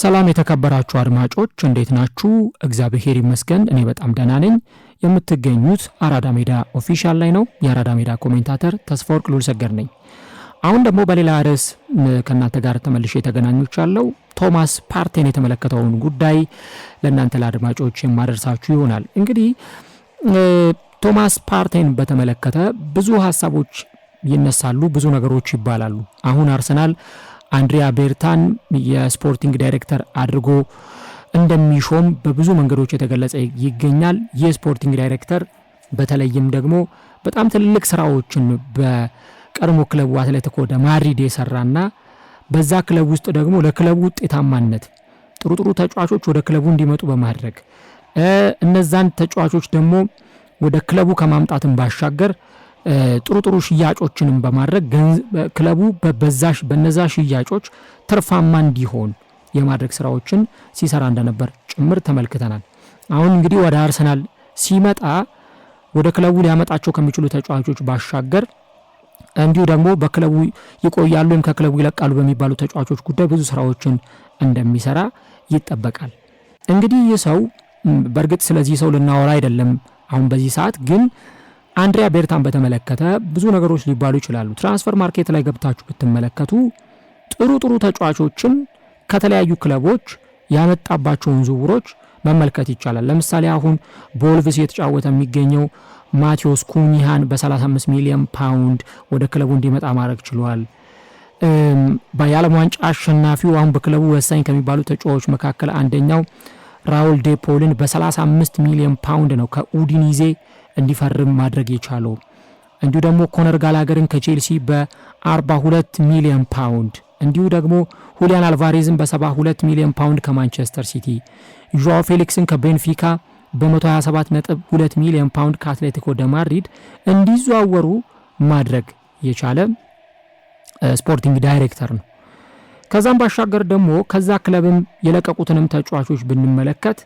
ሰላም የተከበራችሁ አድማጮች እንዴት ናችሁ? እግዚአብሔር ይመስገን እኔ በጣም ደህና ነኝ። የምትገኙት አራዳ ሜዳ ኦፊሻል ላይ ነው። የአራዳ ሜዳ ኮሜንታተር ተስፋ ወርቅ ሉል ነኝ። አሁን ደግሞ በሌላ ርዕስ ከእናንተ ጋር ተመልሼ የተገናኞች ቶማስ ፓርቴን የተመለከተውን ጉዳይ ለእናንተ ለአድማጮች የማደርሳችሁ ይሆናል። እንግዲህ ቶማስ ፓርቴን በተመለከተ ብዙ ሀሳቦች ይነሳሉ፣ ብዙ ነገሮች ይባላሉ። አሁን አርሰናል አንድሪያ ቤርታን የስፖርቲንግ ዳይሬክተር አድርጎ እንደሚሾም በብዙ መንገዶች የተገለጸ ይገኛል። ይህ ስፖርቲንግ ዳይሬክተር በተለይም ደግሞ በጣም ትልልቅ ስራዎችን በቀድሞ ክለቡ አትሌቲኮ ደ ማድሪድ የሰራና በዛ ክለብ ውስጥ ደግሞ ለክለቡ ውጤታማነት ጥሩ ጥሩ ተጫዋቾች ወደ ክለቡ እንዲመጡ በማድረግ እነዛን ተጫዋቾች ደግሞ ወደ ክለቡ ከማምጣትን ባሻገር ጥሩ ጥሩ ሽያጮችንም በማድረግ ክለቡ በዛሽ በነዛ ሽያጮች ትርፋማ እንዲሆን የማድረግ ስራዎችን ሲሰራ እንደነበር ጭምር ተመልክተናል። አሁን እንግዲህ ወደ አርሰናል ሲመጣ ወደ ክለቡ ሊያመጣቸው ከሚችሉ ተጫዋቾች ባሻገር እንዲሁ ደግሞ በክለቡ ይቆያሉ ወይም ከክለቡ ይለቃሉ በሚባሉ ተጫዋቾች ጉዳይ ብዙ ስራዎችን እንደሚሰራ ይጠበቃል። እንግዲህ ይህ ሰው በእርግጥ ስለዚህ ሰው ልናወራ አይደለም አሁን በዚህ ሰዓት ግን አንድሪያ ቤርታን በተመለከተ ብዙ ነገሮች ሊባሉ ይችላሉ። ትራንስፈር ማርኬት ላይ ገብታችሁ ብትመለከቱ ጥሩ ጥሩ ተጫዋቾችን ከተለያዩ ክለቦች ያመጣባቸውን ዝውውሮች መመልከት ይቻላል። ለምሳሌ አሁን በወልቭስ የተጫወተ የሚገኘው ማቴዎስ ኩኒሃን በ35 ሚሊዮን ፓውንድ ወደ ክለቡ እንዲመጣ ማድረግ ችሏል። የዓለም ዋንጫ አሸናፊው አሁን በክለቡ ወሳኝ ከሚባሉ ተጫዋቾች መካከል አንደኛው ራውል ዴፖልን በ35 ሚሊዮን ፓውንድ ነው ከኡዲኒዜ እንዲፈርም ማድረግ የቻለው እንዲሁ ደግሞ ኮነር ጋላገርን ከቼልሲ በ42 ሚሊዮን ፓውንድ እንዲሁ ደግሞ ሁሊያን አልቫሬዝን በ72 ሚሊዮን ፓውንድ ከማንቸስተር ሲቲ ዣዋ ፌሊክስን ከቤንፊካ በ127.2 ሚሊዮን ፓውንድ ከአትሌቲኮ ደ ማድሪድ እንዲዘዋወሩ ማድረግ የቻለ ስፖርቲንግ ዳይሬክተር ነው። ከዛም ባሻገር ደግሞ ከዛ ክለብም የለቀቁትንም ተጫዋቾች ብንመለከት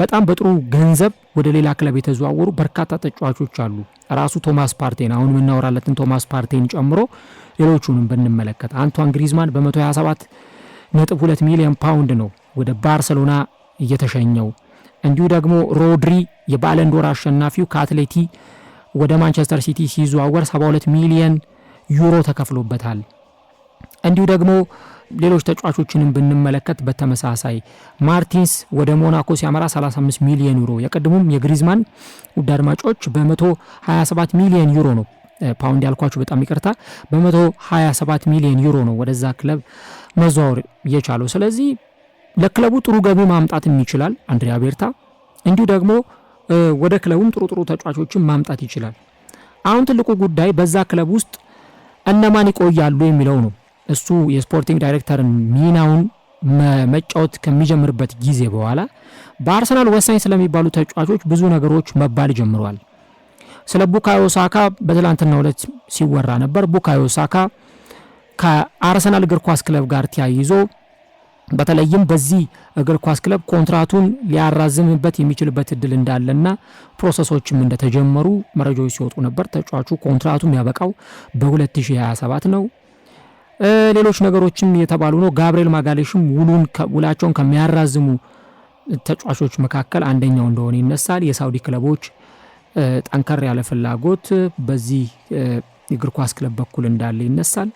በጣም በጥሩ ገንዘብ ወደ ሌላ ክለብ የተዘዋወሩ በርካታ ተጫዋቾች አሉ። ራሱ ቶማስ ፓርቴን አሁን የምናወራለትን ቶማስ ፓርቴን ጨምሮ ሌሎቹንም ብንመለከት አንቷን ግሪዝማን በ127 ነጥብ 2 ሚሊዮን ፓውንድ ነው ወደ ባርሰሎና እየተሸኘው። እንዲሁ ደግሞ ሮድሪ የባለንዶር አሸናፊው ከአትሌቲ ወደ ማንቸስተር ሲቲ ሲዘዋወር 72 ሚሊየን ዩሮ ተከፍሎበታል። እንዲሁ ደግሞ ሌሎች ተጫዋቾችንም ብንመለከት በተመሳሳይ ማርቲንስ ወደ ሞናኮ ሲያመራ 35 ሚሊዮን ዩሮ፣ የቀድሞም የግሪዝማን ውድ አድማጮች በ127 ሚሊዮን ዩሮ ነው ፓውንድ ያልኳችሁ በጣም ይቅርታ፣ በ127 ሚሊዮን ዩሮ ነው ወደዛ ክለብ መዘዋወር የቻለው። ስለዚህ ለክለቡ ጥሩ ገቢ ማምጣትም ይችላል አንድሪያ ቤርታ፣ እንዲሁ ደግሞ ወደ ክለቡም ጥሩ ጥሩ ተጫዋቾችን ማምጣት ይችላል። አሁን ትልቁ ጉዳይ በዛ ክለብ ውስጥ እነማን ይቆያሉ የሚለው ነው። እሱ የስፖርቲንግ ዳይሬክተርን ሚናውን መጫወት ከሚጀምርበት ጊዜ በኋላ በአርሰናል ወሳኝ ስለሚባሉ ተጫዋቾች ብዙ ነገሮች መባል ጀምረዋል። ስለ ቡካዮ ሳካ በትላንትና ሁለት ሲወራ ነበር። ቡካዮ ሳካ ከአርሰናል እግር ኳስ ክለብ ጋር ተያይዞ በተለይም በዚህ እግር ኳስ ክለብ ኮንትራቱን ሊያራዝምበት የሚችልበት እድል እንዳለና ፕሮሰሶችም እንደተጀመሩ መረጃዎች ሲወጡ ነበር። ተጫዋቹ ኮንትራቱ የሚያበቃው በ2027 ነው። ሌሎች ነገሮችም የተባሉ ነው። ጋብርኤል ማጋሌሽም ውሉን ውላቸውን ከሚያራዝሙ ተጫዋቾች መካከል አንደኛው እንደሆነ ይነሳል። የሳውዲ ክለቦች ጠንከር ያለ ፍላጎት በዚህ እግር ኳስ ክለብ በኩል እንዳለ ይነሳል።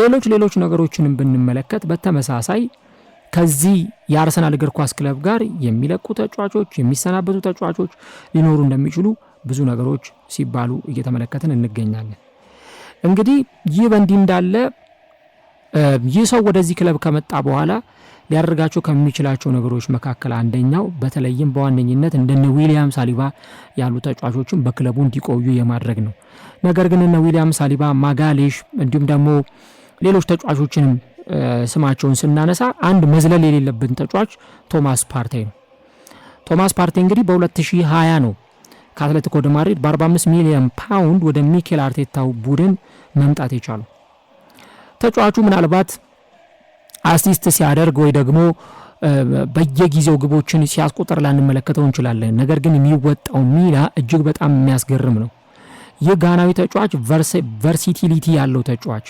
ሌሎች ሌሎች ነገሮችንም ብንመለከት በተመሳሳይ ከዚህ የአርሰናል እግር ኳስ ክለብ ጋር የሚለቁ ተጫዋቾች፣ የሚሰናበቱ ተጫዋቾች ሊኖሩ እንደሚችሉ ብዙ ነገሮች ሲባሉ እየተመለከትን እንገኛለን። እንግዲህ ይህ በእንዲህ እንዳለ ይህ ሰው ወደዚህ ክለብ ከመጣ በኋላ ሊያደርጋቸው ከሚችላቸው ነገሮች መካከል አንደኛው በተለይም በዋነኝነት እንደነ ዊሊያም ሳሊባ ያሉ ተጫዋቾችን በክለቡ እንዲቆዩ የማድረግ ነው። ነገር ግን እነ ዊሊያም ሳሊባ፣ ማጋሌሽ እንዲሁም ደግሞ ሌሎች ተጫዋቾችንም ስማቸውን ስናነሳ አንድ መዝለል የሌለብን ተጫዋች ቶማስ ፓርቴ ነው። ቶማስ ፓርቴ እንግዲህ በ2020 ነው ከአትሌቲኮ ደ ማድሪድ በ45 ሚሊዮን ፓውንድ ወደ ሚኬል አርቴታው ቡድን መምጣት የቻለው። ተጫዋቹ ምናልባት አሲስት ሲያደርግ ወይ ደግሞ በየጊዜው ግቦችን ሲያስቆጠር ላንመለከተው እንችላለን። ነገር ግን የሚወጣው ሚና እጅግ በጣም የሚያስገርም ነው። ይህ ጋናዊ ተጫዋች ቨርሲቲሊቲ ያለው ተጫዋች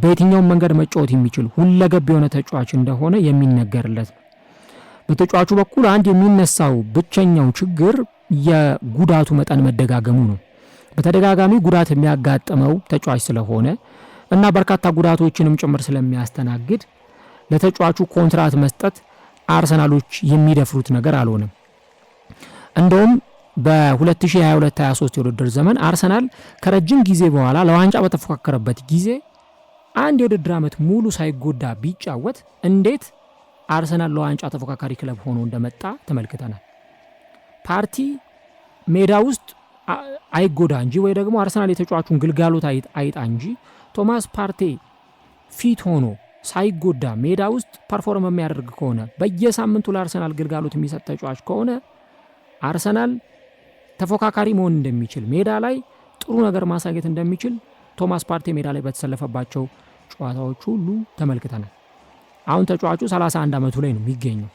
በየትኛውም መንገድ መጫወት የሚችል ሁለገብ የሆነ ተጫዋች እንደሆነ የሚነገርለት ነው። በተጫዋቹ በኩል አንድ የሚነሳው ብቸኛው ችግር የጉዳቱ መጠን መደጋገሙ ነው። በተደጋጋሚ ጉዳት የሚያጋጥመው ተጫዋች ስለሆነ እና በርካታ ጉዳቶችንም ጭምር ስለሚያስተናግድ ለተጫዋቹ ኮንትራት መስጠት አርሰናሎች የሚደፍሩት ነገር አልሆነም። እንደውም በ2022/23 የውድድር ዘመን አርሰናል ከረጅም ጊዜ በኋላ ለዋንጫ በተፎካከረበት ጊዜ አንድ የውድድር ዓመት ሙሉ ሳይጎዳ ቢጫወት እንዴት አርሰናል ለዋንጫ ተፎካካሪ ክለብ ሆኖ እንደመጣ ተመልክተናል። ፓርቲ ሜዳ ውስጥ አይጎዳ እንጂ ወይ ደግሞ አርሰናል የተጫዋቹን ግልጋሎት አይጣ እንጂ ቶማስ ፓርቴ ፊት ሆኖ ሳይጎዳ ሜዳ ውስጥ ፐርፎርም የሚያደርግ ከሆነ በየሳምንቱ ለአርሰናል ግልጋሎት የሚሰጥ ተጫዋች ከሆነ አርሰናል ተፎካካሪ መሆን እንደሚችል ሜዳ ላይ ጥሩ ነገር ማሳየት እንደሚችል ቶማስ ፓርቴ ሜዳ ላይ በተሰለፈባቸው ጨዋታዎች ሁሉ ተመልክተናል። አሁን ተጫዋቹ 31 ዓመቱ ላይ ነው የሚገኘው።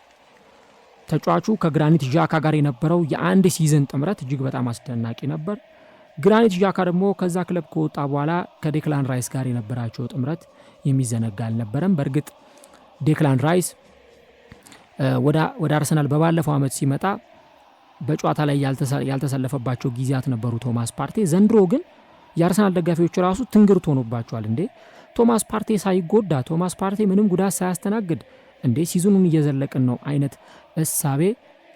ተጫዋቹ ከግራኒት ዣካ ጋር የነበረው የአንድ ሲዝን ጥምረት እጅግ በጣም አስደናቂ ነበር። ግራኒት ዣካ ደግሞ ከዛ ክለብ ከወጣ በኋላ ከዴክላን ራይስ ጋር የነበራቸው ጥምረት የሚዘነጋ አልነበረም። በእርግጥ ዴክላን ራይስ ወደ አርሰናል በባለፈው ዓመት ሲመጣ በጨዋታ ላይ ያልተሰለፈባቸው ጊዜያት ነበሩ ቶማስ ፓርቴ። ዘንድሮ ግን የአርሰናል ደጋፊዎች ራሱ ትንግርት ሆኖባቸዋል። እንዴ ቶማስ ፓርቴ ሳይጎዳ ቶማስ ፓርቴ ምንም ጉዳት ሳያስተናግድ እንዴ ሲዙኑን እየዘለቅን ነው አይነት እሳቤ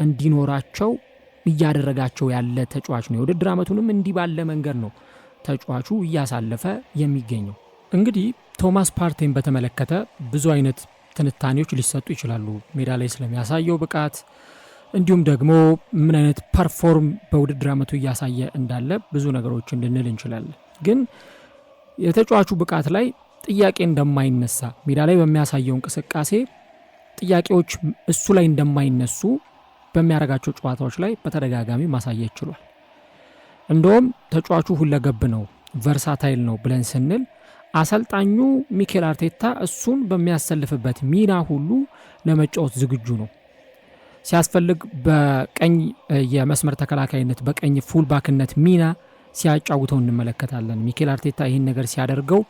እንዲኖራቸው እያደረጋቸው ያለ ተጫዋች ነው። የውድድር ዓመቱንም እንዲህ ባለ መንገድ ነው ተጫዋቹ እያሳለፈ የሚገኘው። እንግዲህ ቶማስ ፓርቴን በተመለከተ ብዙ አይነት ትንታኔዎች ሊሰጡ ይችላሉ። ሜዳ ላይ ስለሚያሳየው ብቃት እንዲሁም ደግሞ ምን አይነት ፐርፎርም በውድድር ዓመቱ እያሳየ እንዳለ ብዙ ነገሮችን ልንል እንችላለን። ግን የተጫዋቹ ብቃት ላይ ጥያቄ እንደማይነሳ ሜዳ ላይ በሚያሳየው እንቅስቃሴ ጥያቄዎች እሱ ላይ እንደማይነሱ በሚያደርጋቸው ጨዋታዎች ላይ በተደጋጋሚ ማሳየት ችሏል። እንደውም ተጫዋቹ ሁለገብ ነው፣ ቨርሳታይል ነው ብለን ስንል አሰልጣኙ ሚኬል አርቴታ እሱን በሚያሰልፍበት ሚና ሁሉ ለመጫወት ዝግጁ ነው። ሲያስፈልግ በቀኝ የመስመር ተከላካይነት፣ በቀኝ ፉልባክነት ሚና ሲያጫውተው እንመለከታለን። ሚኬል አርቴታ ይህን ነገር ሲያደርገው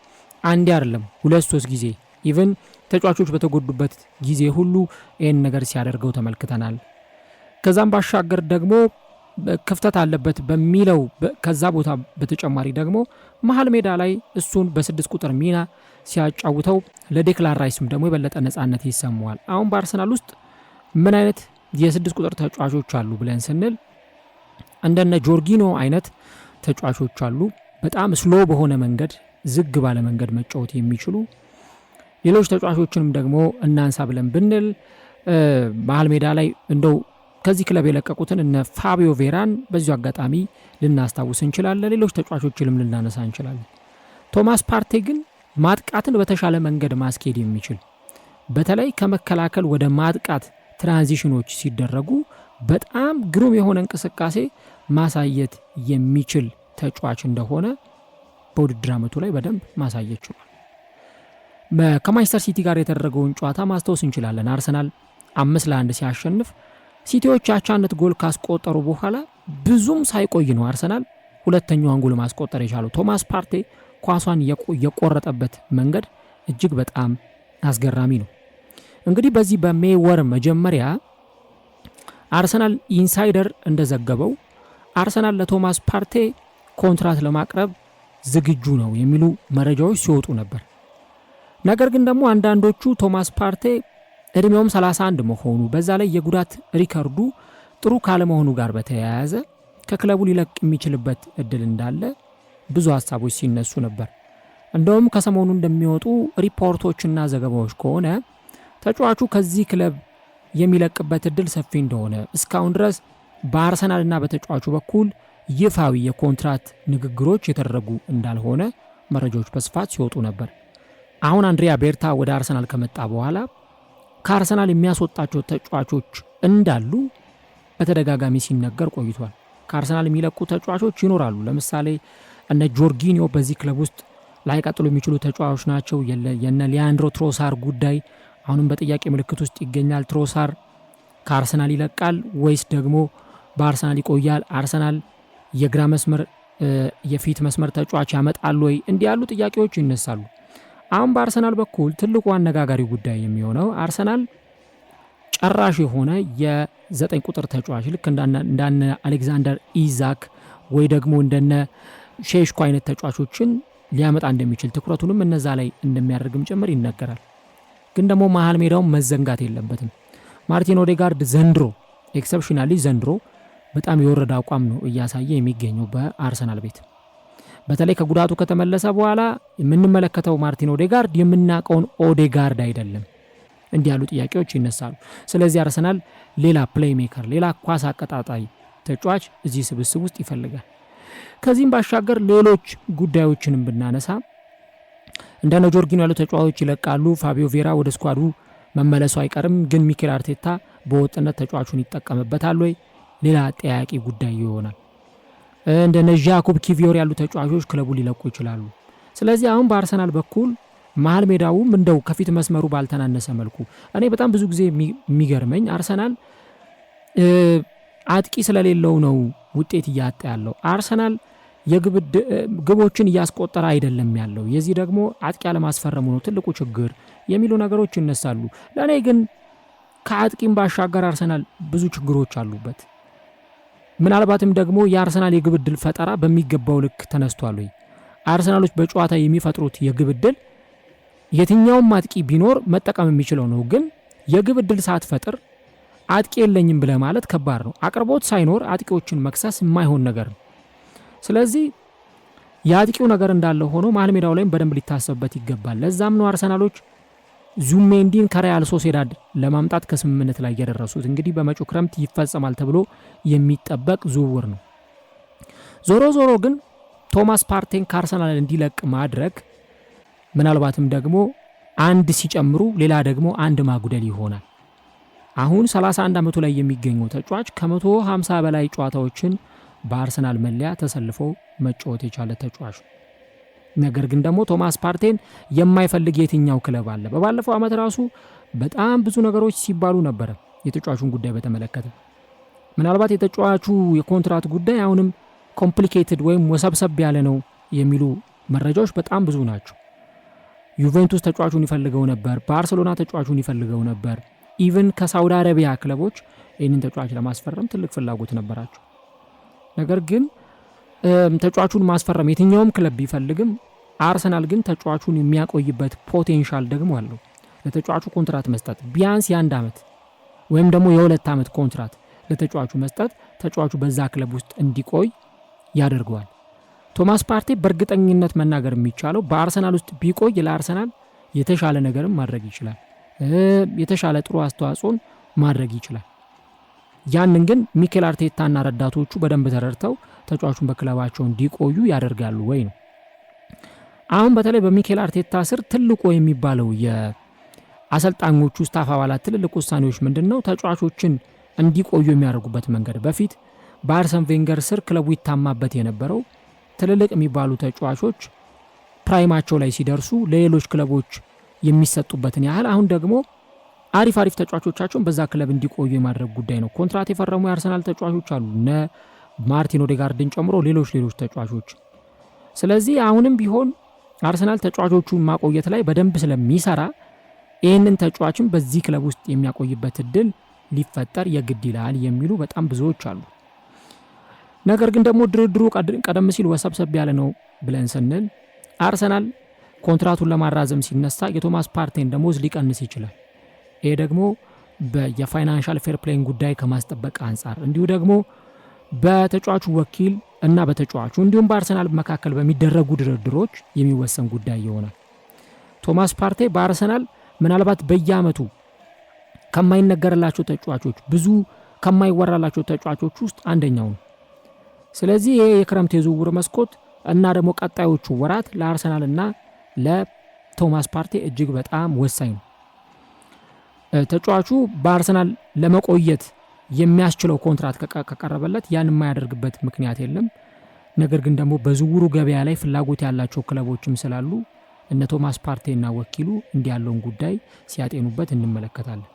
አንዴ አይደለም ሁለት ሶስት ጊዜ ኢቨን ተጫዋቾች በተጎዱበት ጊዜ ሁሉ ይህን ነገር ሲያደርገው ተመልክተናል። ከዛም ባሻገር ደግሞ ክፍተት አለበት በሚለው ከዛ ቦታ በተጨማሪ ደግሞ መሀል ሜዳ ላይ እሱን በስድስት ቁጥር ሚና ሲያጫውተው ለዴክላን ራይስም ደግሞ የበለጠ ነጻነት ይሰማዋል። አሁን በአርሰናል ውስጥ ምን አይነት የስድስት ቁጥር ተጫዋቾች አሉ ብለን ስንል እንደነ ጆርጊኖ አይነት ተጫዋቾች አሉ። በጣም ስሎ በሆነ መንገድ ዝግ ባለ መንገድ መጫወት የሚችሉ ሌሎች ተጫዋቾችንም ደግሞ እናንሳ ብለን ብንል መሀል ሜዳ ላይ እንደው ከዚህ ክለብ የለቀቁትን እነ ፋቢዮ ቬራን በዚሁ አጋጣሚ ልናስታውስ እንችላለን። ሌሎች ተጫዋቾችንም ልናነሳ እንችላለን። ቶማስ ፓርቴ ግን ማጥቃትን በተሻለ መንገድ ማስኬድ የሚችል በተለይ ከመከላከል ወደ ማጥቃት ትራንዚሽኖች ሲደረጉ በጣም ግሩም የሆነ እንቅስቃሴ ማሳየት የሚችል ተጫዋች እንደሆነ በውድድር ዓመቱ ላይ በደንብ ማሳየት ችሏል። ከማንቸስተር ሲቲ ጋር የተደረገውን ጨዋታ ማስታወስ እንችላለን። አርሰናል አምስት ለአንድ ሲያሸንፍ ሲቲዎች አቻነት ጎል ካስቆጠሩ በኋላ ብዙም ሳይቆይ ነው አርሰናል ሁለተኛዋን ጎል ማስቆጠር የቻለው። ቶማስ ፓርቴ ኳሷን የቆረጠበት መንገድ እጅግ በጣም አስገራሚ ነው። እንግዲህ በዚህ በሜይ ወር መጀመሪያ አርሰናል ኢንሳይደር እንደዘገበው አርሰናል ለቶማስ ፓርቴ ኮንትራት ለማቅረብ ዝግጁ ነው የሚሉ መረጃዎች ሲወጡ ነበር። ነገር ግን ደግሞ አንዳንዶቹ ቶማስ ፓርቴ እድሜውም 31 መሆኑ በዛ ላይ የጉዳት ሪከርዱ ጥሩ ካለመሆኑ ጋር በተያያዘ ከክለቡ ሊለቅ የሚችልበት እድል እንዳለ ብዙ ሀሳቦች ሲነሱ ነበር። እንደውም ከሰሞኑ እንደሚወጡ ሪፖርቶችና ዘገባዎች ከሆነ ተጫዋቹ ከዚህ ክለብ የሚለቅበት እድል ሰፊ እንደሆነ እስካሁን ድረስ በአርሰናልና በተጫዋቹ በኩል ይፋዊ የኮንትራት ንግግሮች የተደረጉ እንዳልሆነ መረጃዎች በስፋት ሲወጡ ነበር። አሁን አንድሪያ ቤርታ ወደ አርሰናል ከመጣ በኋላ ከአርሰናል የሚያስወጣቸው ተጫዋቾች እንዳሉ በተደጋጋሚ ሲነገር ቆይቷል። ከአርሰናል የሚለቁ ተጫዋቾች ይኖራሉ። ለምሳሌ እነ ጆርጊኒዮ በዚህ ክለብ ውስጥ ላይቀጥሉ የሚችሉ ተጫዋቾች ናቸው። የነ ሊያንድሮ ትሮሳር ጉዳይ አሁንም በጥያቄ ምልክት ውስጥ ይገኛል። ትሮሳር ከአርሰናል ይለቃል ወይስ ደግሞ በአርሰናል ይቆያል? አርሰናል የግራ መስመር የፊት መስመር ተጫዋች ያመጣሉ ወይ? እንዲህ ያሉ ጥያቄዎች ይነሳሉ። አሁን በአርሰናል በኩል ትልቁ አነጋጋሪ ጉዳይ የሚሆነው አርሰናል ጨራሽ የሆነ የዘጠኝ ቁጥር ተጫዋች ልክ እንዳነ አሌክዛንደር ኢዛክ ወይ ደግሞ እንደነ ሼሽኮ አይነት ተጫዋቾችን ሊያመጣ እንደሚችል ትኩረቱንም እነዛ ላይ እንደሚያደርግም ጭምር ይነገራል። ግን ደግሞ መሀል ሜዳውን መዘንጋት የለበትም። ማርቲን ኦዴጋርድ ዘንድሮ ኤክሰፕሽናሊ ዘንድሮ በጣም የወረደ አቋም ነው እያሳየ የሚገኘው በአርሰናል ቤት በተለይ ከጉዳቱ ከተመለሰ በኋላ የምንመለከተው ማርቲን ኦዴጋርድ የምናውቀውን ኦዴጋርድ አይደለም። እንዲህ ያሉ ጥያቄዎች ይነሳሉ። ስለዚህ አርሰናል ሌላ ፕሌይሜከር፣ ሌላ ኳስ አቀጣጣይ ተጫዋች እዚህ ስብስብ ውስጥ ይፈልጋል። ከዚህም ባሻገር ሌሎች ጉዳዮችንም ብናነሳ እንደ ጆርጊኖ ያሉ ተጫዋቾች ይለቃሉ። ፋቢዮ ቬራ ወደ ስኳዱ መመለሱ አይቀርም። ግን ሚኬል አርቴታ በወጥነት ተጫዋቹን ይጠቀምበታል ወይ? ሌላ ጠያቂ ጉዳይ ይሆናል። እንደነ ዣኮብ ኪቪዮር ያሉ ተጫዋቾች ክለቡ ሊለቁ ይችላሉ። ስለዚህ አሁን በአርሰናል በኩል መሀል ሜዳውም እንደው ከፊት መስመሩ ባልተናነሰ መልኩ እኔ በጣም ብዙ ጊዜ የሚገርመኝ አርሰናል አጥቂ ስለሌለው ነው ውጤት እያጣ ያለው። አርሰናል ግቦችን እያስቆጠረ አይደለም ያለው። የዚህ ደግሞ አጥቂ አለማስፈረሙ ነው ትልቁ ችግር የሚሉ ነገሮች ይነሳሉ። ለእኔ ግን ከአጥቂም ባሻገር አርሰናል ብዙ ችግሮች አሉበት። ምናልባትም ደግሞ የአርሰናል የግብ ድል ፈጠራ በሚገባው ልክ ተነስቷል ወይ? አርሰናሎች በጨዋታ የሚፈጥሩት የግብ ድል የትኛውም አጥቂ ቢኖር መጠቀም የሚችለው ነው። ግን የግብ ድል ሳትፈጥር አጥቂ የለኝም ብለ ማለት ከባድ ነው። አቅርቦት ሳይኖር አጥቂዎችን መክሰስ የማይሆን ነገር ነው። ስለዚህ የአጥቂው ነገር እንዳለ ሆኖ መሀል ሜዳው ላይም በደንብ ሊታሰብበት ይገባል። ለዛም ነው አርሰናሎች ዙሜንዲን ከሪያል ሶሴዳድ ለማምጣት ከስምምነት ላይ የደረሱት እንግዲህ በመጪው ክረምት ይፈጸማል ተብሎ የሚጠበቅ ዝውውር ነው። ዞሮ ዞሮ ግን ቶማስ ፓርቴን ከአርሰናል እንዲለቅ ማድረግ ምናልባትም ደግሞ አንድ ሲጨምሩ ሌላ ደግሞ አንድ ማጉደል ይሆናል። አሁን 31 ዓመቱ ላይ የሚገኘው ተጫዋች ከ150 በላይ ጨዋታዎችን በአርሰናል መለያ ተሰልፎ መጫወት የቻለ ተጫዋች ነው። ነገር ግን ደግሞ ቶማስ ፓርቴን የማይፈልግ የትኛው ክለብ አለ? በባለፈው ዓመት ራሱ በጣም ብዙ ነገሮች ሲባሉ ነበረ የተጫዋቹን ጉዳይ በተመለከተ። ምናልባት የተጫዋቹ የኮንትራት ጉዳይ አሁንም ኮምፕሊኬትድ ወይም ወሰብሰብ ያለ ነው የሚሉ መረጃዎች በጣም ብዙ ናቸው። ዩቬንቱስ ተጫዋቹን ይፈልገው ነበር፣ ባርሰሎና ተጫዋቹን ይፈልገው ነበር። ኢቨን ከሳውዲ አረቢያ ክለቦች ይህንን ተጫዋች ለማስፈረም ትልቅ ፍላጎት ነበራቸው። ነገር ግን ተጫዋቹን ማስፈረም የትኛውም ክለብ ቢፈልግም አርሰናል ግን ተጫዋቹን የሚያቆይበት ፖቴንሻል ደግሞ አለው። ለተጫዋቹ ኮንትራት መስጠት ቢያንስ የአንድ ዓመት ወይም ደግሞ የሁለት ዓመት ኮንትራት ለተጫዋቹ መስጠት ተጫዋቹ በዛ ክለብ ውስጥ እንዲቆይ ያደርገዋል። ቶማስ ፓርቴ በእርግጠኝነት መናገር የሚቻለው በአርሰናል ውስጥ ቢቆይ ለአርሰናል የተሻለ ነገርም ማድረግ ይችላል። የተሻለ ጥሩ አስተዋጽኦን ማድረግ ይችላል። ያንን ግን ሚኬል አርቴታና ረዳቶቹ በደንብ ተረድተው ተጫዋቹን በክለባቸው እንዲቆዩ ያደርጋሉ ወይ ነው። አሁን በተለይ በሚኬል አርቴታ ስር ትልቁ የሚባለው የአሰልጣኞቹ ስታፍ አባላት ትልልቅ ውሳኔዎች ምንድን ነው? ተጫዋቾችን እንዲቆዩ የሚያደርጉበት መንገድ። በፊት በአርሰን ቬንገር ስር ክለቡ ይታማበት የነበረው ትልልቅ የሚባሉ ተጫዋቾች ፕራይማቸው ላይ ሲደርሱ ለሌሎች ክለቦች የሚሰጡበትን ያህል አሁን ደግሞ አሪፍ አሪፍ ተጫዋቾቻቸውን በዛ ክለብ እንዲቆዩ የማድረግ ጉዳይ ነው። ኮንትራት የፈረሙ የአርሰናል ተጫዋቾች አሉ እነ ማርቲን ኦዴጋርድን ጨምሮ ሌሎች ሌሎች ተጫዋቾች። ስለዚህ አሁንም ቢሆን አርሰናል ተጫዋቾቹን ማቆየት ላይ በደንብ ስለሚሰራ ይህንን ተጫዋችን በዚህ ክለብ ውስጥ የሚያቆይበት እድል ሊፈጠር የግድ ይላል የሚሉ በጣም ብዙዎች አሉ። ነገር ግን ደግሞ ድርድሩ ቀደም ሲል ወሰብሰብ ያለ ነው ብለን ስንል አርሰናል ኮንትራቱን ለማራዘም ሲነሳ የቶማስ ፓርቴን ደሞዝ ሊቀንስ ይችላል። ይሄ ደግሞ የፋይናንሻል ፌር ፕሌይን ጉዳይ ከማስጠበቅ አንጻር እንዲሁ ደግሞ በተጫዋቹ ወኪል እና በተጫዋቹ እንዲሁም በአርሰናል መካከል በሚደረጉ ድርድሮች የሚወሰን ጉዳይ ይሆናል። ቶማስ ፓርቴ በአርሰናል ምናልባት በየአመቱ ከማይነገርላቸው ተጫዋቾች ብዙ ከማይወራላቸው ተጫዋቾች ውስጥ አንደኛው ነው። ስለዚህ ይሄ የክረምት የዝውውር መስኮት እና ደግሞ ቀጣዮቹ ወራት ለአርሰናል እና ለቶማስ ፓርቴ እጅግ በጣም ወሳኝ ነው። ተጫዋቹ በአርሰናል ለመቆየት የሚያስችለው ኮንትራት ከቀረበለት ያን የማያደርግበት ምክንያት የለም። ነገር ግን ደግሞ በዝውውሩ ገበያ ላይ ፍላጎት ያላቸው ክለቦችም ስላሉ እነ ቶማስ ፓርቴና ወኪሉ እንዲህ ያለውን ጉዳይ ሲያጤኑበት እንመለከታለን።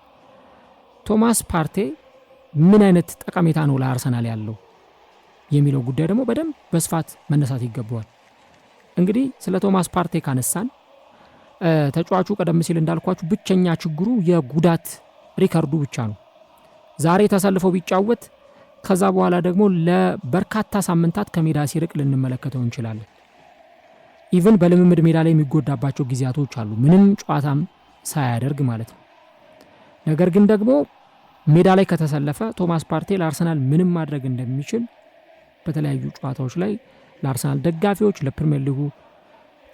ቶማስ ፓርቴ ምን አይነት ጠቀሜታ ነው ለአርሰናል ያለው የሚለው ጉዳይ ደግሞ በደንብ በስፋት መነሳት ይገባዋል። እንግዲህ ስለ ቶማስ ፓርቴ ካነሳን ተጫዋቹ ቀደም ሲል እንዳልኳችሁ ብቸኛ ችግሩ የጉዳት ሪከርዱ ብቻ ነው። ዛሬ ተሰልፎ ቢጫወት ከዛ በኋላ ደግሞ ለበርካታ ሳምንታት ከሜዳ ሲርቅ ልንመለከተው እንችላለን። ኢቭን በልምምድ ሜዳ ላይ የሚጎዳባቸው ጊዜያቶች አሉ፣ ምንም ጨዋታም ሳያደርግ ማለት ነው። ነገር ግን ደግሞ ሜዳ ላይ ከተሰለፈ ቶማስ ፓርቴ ለአርሰናል ምንም ማድረግ እንደሚችል በተለያዩ ጨዋታዎች ላይ ለአርሰናል ደጋፊዎች፣ ለፕሪሚየር ሊጉ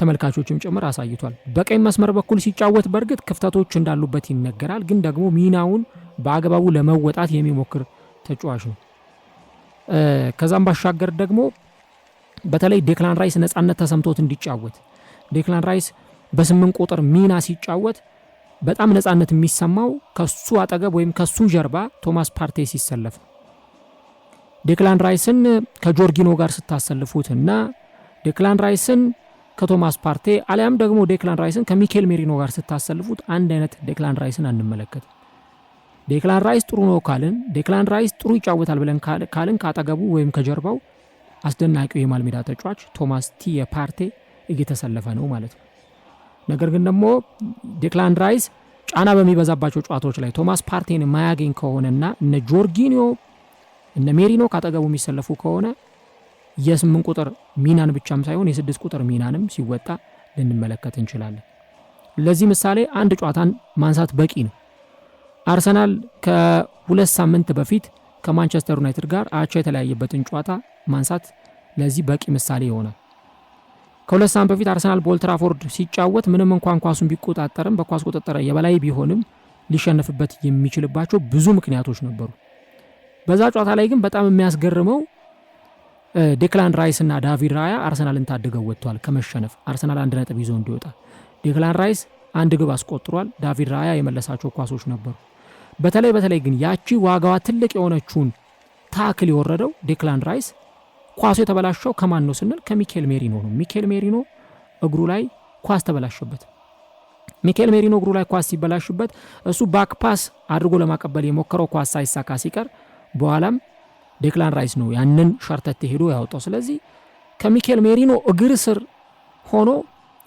ተመልካቾችም ጭምር አሳይቷል። በቀኝ መስመር በኩል ሲጫወት በእርግጥ ክፍተቶች እንዳሉበት ይነገራል። ግን ደግሞ ሚናውን በአግባቡ ለመወጣት የሚሞክር ተጫዋች ነው። ከዛም ባሻገር ደግሞ በተለይ ዴክላን ራይስ ነፃነት ተሰምቶት እንዲጫወት ዴክላን ራይስ በስምንት ቁጥር ሚና ሲጫወት በጣም ነፃነት የሚሰማው ከሱ አጠገብ ወይም ከሱ ጀርባ ቶማስ ፓርቴ ሲሰለፍ ዴክላን ራይስን ከጆርጊኖ ጋር ስታሰልፉት እና ዴክላን ራይስን ከቶማስ ፓርቴ አሊያም ደግሞ ዴክላን ራይስን ከሚኬል ሜሪኖ ጋር ስታሰልፉት አንድ አይነት ዴክላን ራይስን አንመለከትም። ዴክላን ራይስ ጥሩ ነው ካልን፣ ዴክላን ራይስ ጥሩ ይጫወታል ብለን ካልን ከአጠገቡ ወይም ከጀርባው አስደናቂው የመሃል ሜዳ ተጫዋች ቶማስ ቲ የፓርቴ እየተሰለፈ ነው ማለት ነው። ነገር ግን ደግሞ ዴክላን ራይስ ጫና በሚበዛባቸው ጨዋታዎች ላይ ቶማስ ፓርቴን ማያገኝ ከሆነና እነ ጆርጊኒዮ እነ ሜሪኖ ካጠገቡ የሚሰለፉ ከሆነ የስምንት ቁጥር ሚናን ብቻም ሳይሆን የስድስት ቁጥር ሚናንም ሲወጣ ልንመለከት እንችላለን። ለዚህ ምሳሌ አንድ ጨዋታን ማንሳት በቂ ነው። አርሰናል ከሁለት ሳምንት በፊት ከማንቸስተር ዩናይትድ ጋር አቻ የተለያየበትን ጨዋታ ማንሳት ለዚህ በቂ ምሳሌ ይሆናል። ከሁለት ሳምንት በፊት አርሰናል በኦልትራፎርድ ሲጫወት ምንም እንኳን ኳሱን ቢቆጣጠርም በኳስ ቁጥጥር የበላይ ቢሆንም ሊሸነፍበት የሚችልባቸው ብዙ ምክንያቶች ነበሩ። በዛ ጨዋታ ላይ ግን በጣም የሚያስገርመው ዴክላን ራይስ እና ዳቪድ ራያ አርሰናልን ታድገው ወጥቷል። ከመሸነፍ አርሰናል አንድ ነጥብ ይዞ እንዲወጣ ዴክላን ራይስ አንድ ግብ አስቆጥሯል። ዳቪድ ራያ የመለሳቸው ኳሶች ነበሩ። በተለይ በተለይ ግን ያቺ ዋጋዋ ትልቅ የሆነችውን ታክል የወረደው ዴክላን ራይስ ኳሱ የተበላሸው ከማን ነው ስንል ከሚኬል ሜሪኖ ነው። ሚኬል ሜሪኖ እግሩ ላይ ኳስ ተበላሸበት። ሚኬል ሜሪኖ እግሩ ላይ ኳስ ሲበላሽበት እሱ ባክፓስ አድርጎ ለማቀበል የሞከረው ኳስ ሳይሳካ ሲቀር በኋላም ዴክላን ራይስ ነው ያንን ሸርተት ሄዶ ያወጣው። ስለዚህ ከሚኬል ሜሪኖ እግር ስር ሆኖ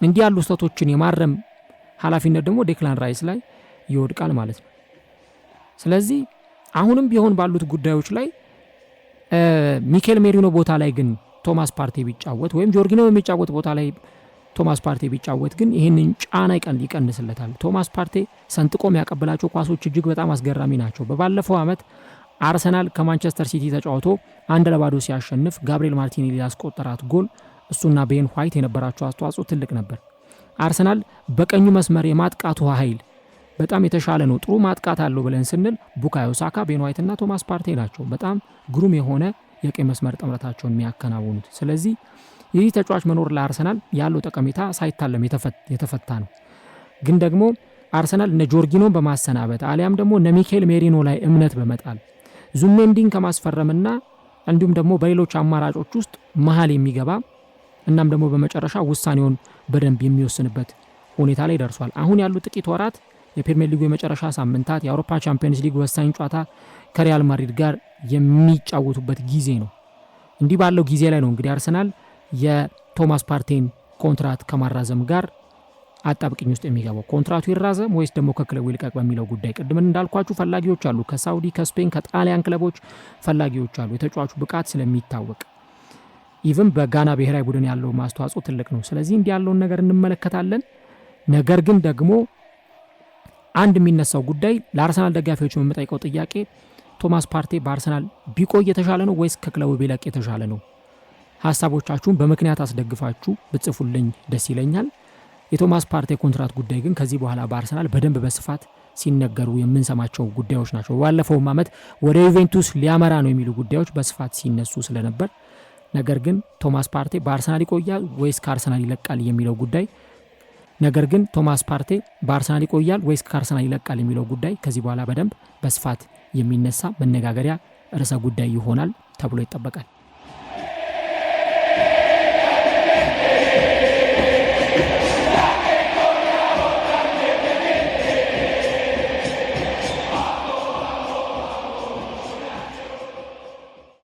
እንዲህ ያሉ ስህተቶችን የማረም ኃላፊነት ደግሞ ዴክላን ራይስ ላይ ይወድቃል ማለት ነው። ስለዚህ አሁንም ቢሆን ባሉት ጉዳዮች ላይ ሚኬል ሜሪኖ ቦታ ላይ ግን ቶማስ ፓርቴ ቢጫወት ወይም ጆርጊኖ የሚጫወት ቦታ ላይ ቶማስ ፓርቴ ቢጫወት ግን ይህንን ጫና ይቀንስለታል። ቶማስ ፓርቴ ሰንጥቆ የሚያቀብላቸው ኳሶች እጅግ በጣም አስገራሚ ናቸው። በባለፈው ዓመት አርሰናል ከማንቸስተር ሲቲ ተጫውቶ አንድ ለባዶ ሲያሸንፍ ጋብሪኤል ማርቲኔሊ ያስቆጠራት ጎል እሱና ቤን ዋይት የነበራቸው አስተዋጽኦ ትልቅ ነበር። አርሰናል በቀኙ መስመር የማጥቃቱ ኃይል በጣም የተሻለ ነው። ጥሩ ማጥቃት አለው ብለን ስንል ቡካዮ ሳካ፣ ቤን ዋይት እና ቶማስ ፓርቴ ናቸው በጣም ግሩም የሆነ የቀኝ መስመር ጥምረታቸውን የሚያከናውኑት። ስለዚህ ይህ ተጫዋች መኖር ለአርሰናል ያለው ጠቀሜታ ሳይታለም የተፈታ ነው። ግን ደግሞ አርሰናል እነ ጆርጊኖን በማሰናበት አሊያም ደግሞ እነ ሚካኤል ሜሪኖ ላይ እምነት በመጣል ዙሜንዲን ከማስፈረምና እንዲሁም ደግሞ በሌሎች አማራጮች ውስጥ መሀል የሚገባ እናም ደግሞ በመጨረሻ ውሳኔውን በደንብ የሚወስንበት ሁኔታ ላይ ደርሷል። አሁን ያሉ ጥቂት ወራት የፕሪሚየር ሊጉ የመጨረሻ ሳምንታት፣ የአውሮፓ ቻምፒየንስ ሊግ ወሳኝ ጨዋታ ከሪያል ማድሪድ ጋር የሚጫወቱበት ጊዜ ነው። እንዲህ ባለው ጊዜ ላይ ነው እንግዲህ አርሰናል የቶማስ ፓርቴን ኮንትራት ከማራዘም ጋር አጣብቅኝ ውስጥ የሚገባው ኮንትራቱ ይራዘም ወይስ ደግሞ ከክለቡ ይልቀቅ በሚለው ጉዳይ። ቅድምን እንዳልኳችሁ ፈላጊዎች አሉ፣ ከሳውዲ፣ ከስፔን፣ ከጣሊያን ክለቦች ፈላጊዎች አሉ። የተጫዋቹ ብቃት ስለሚታወቅ ኢቭን በጋና ብሔራዊ ቡድን ያለው ማስተዋጽኦ ትልቅ ነው። ስለዚህ እንዲህ ያለውን ነገር እንመለከታለን። ነገር ግን ደግሞ አንድ የሚነሳው ጉዳይ ለአርሰናል ደጋፊዎች የምንጠይቀው ጥያቄ ቶማስ ፓርቴ በአርሰናል ቢቆይ የተሻለ ነው ወይስ ከክለቡ ቢለቅ የተሻለ ነው? ሀሳቦቻችሁን በምክንያት አስደግፋችሁ ብጽፉልኝ ደስ ይለኛል። የቶማስ ፓርቴ ኮንትራት ጉዳይ ግን ከዚህ በኋላ በአርሰናል በደንብ በስፋት ሲነገሩ የምንሰማቸው ጉዳዮች ናቸው። ባለፈውም ዓመት ወደ ዩቬንቱስ ሊያመራ ነው የሚሉ ጉዳዮች በስፋት ሲነሱ ስለነበር ነገር ግን ቶማስ ፓርቴ በአርሰናል ይቆያል ወይስ ከአርሰናል ይለቃል የሚለው ጉዳይ ነገር ግን ቶማስ ፓርቴ በአርሰናል ይቆያል ወይስ ከአርሰናል ይለቃል የሚለው ጉዳይ ከዚህ በኋላ በደንብ በስፋት የሚነሳ መነጋገሪያ ርዕሰ ጉዳይ ይሆናል ተብሎ ይጠበቃል።